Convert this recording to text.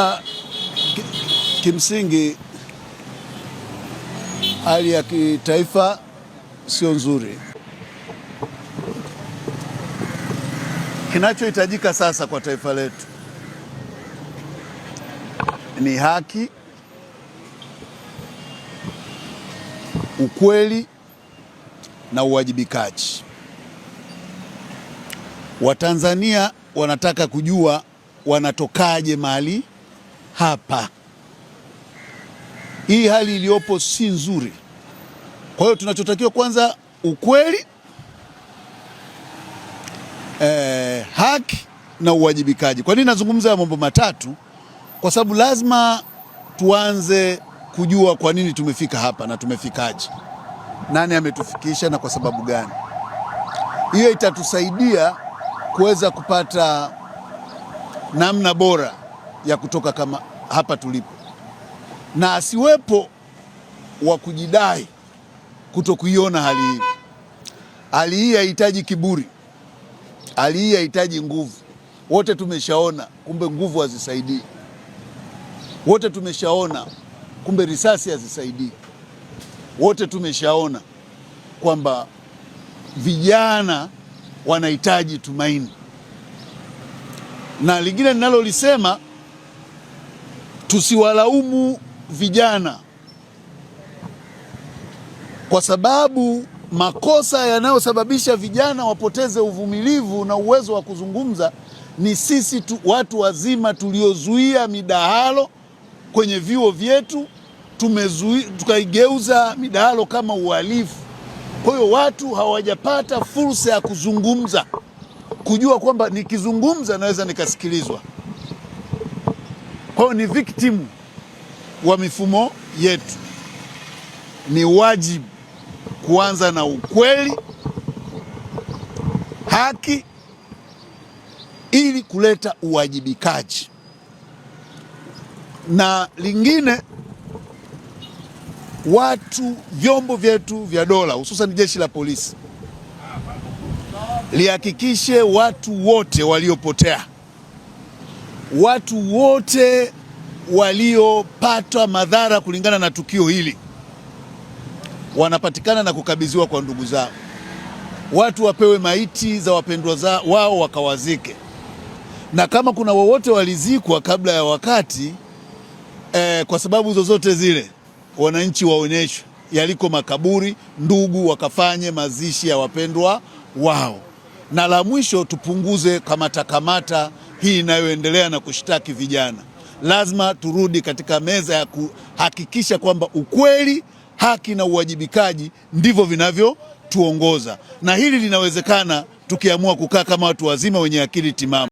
Ah, kimsingi hali ya kitaifa sio nzuri. Kinachohitajika sasa kwa taifa letu ni haki, ukweli na uwajibikaji. Watanzania wanataka kujua wanatokaje mali hapa. Hii hali iliyopo si nzuri. Kwa hiyo tunachotakiwa kwanza, ukweli eh, haki na uwajibikaji. Kwa nini nazungumza mambo matatu? Kwa sababu lazima tuanze kujua kwa nini tumefika hapa na tumefikaje, nani ametufikisha na kwa sababu gani. Hiyo itatusaidia kuweza kupata namna bora ya kutoka kama hapa tulipo, na asiwepo wa kujidai kuto kuiona hali hii. Hali hii haihitaji kiburi, hali hii haihitaji nguvu. Wote tumeshaona kumbe nguvu hazisaidii, wote tumeshaona kumbe risasi hazisaidii, wote tumeshaona kwamba vijana wanahitaji tumaini. Na lingine ninalolisema tusiwalaumu vijana kwa sababu makosa yanayosababisha vijana wapoteze uvumilivu na uwezo wa kuzungumza ni sisi tu, watu wazima tuliozuia midahalo kwenye vyuo vyetu tukaigeuza midahalo kama uhalifu. Kwa hiyo watu hawajapata fursa ya kuzungumza, kujua kwamba nikizungumza naweza nikasikilizwa. Kwa ni victim wa mifumo yetu. Ni wajibu kuanza na ukweli, haki, ili kuleta uwajibikaji. Na lingine, watu, vyombo vyetu vya dola, hususan jeshi la polisi lihakikishe watu wote waliopotea watu wote waliopatwa madhara kulingana na tukio hili wanapatikana na kukabidhiwa kwa ndugu zao. Watu wapewe maiti za wapendwa zao wao wakawazike, na kama kuna wowote walizikwa kabla ya wakati eh, kwa sababu zozote zile, wananchi waonyeshwe yaliko makaburi, ndugu wakafanye mazishi ya wapendwa wao. Na la mwisho, tupunguze kamata kamata hii inayoendelea na kushtaki vijana. Lazima turudi katika meza ya kuhakikisha kwamba ukweli, haki na uwajibikaji ndivyo vinavyotuongoza, na hili linawezekana tukiamua kukaa kama watu wazima wenye akili timamu.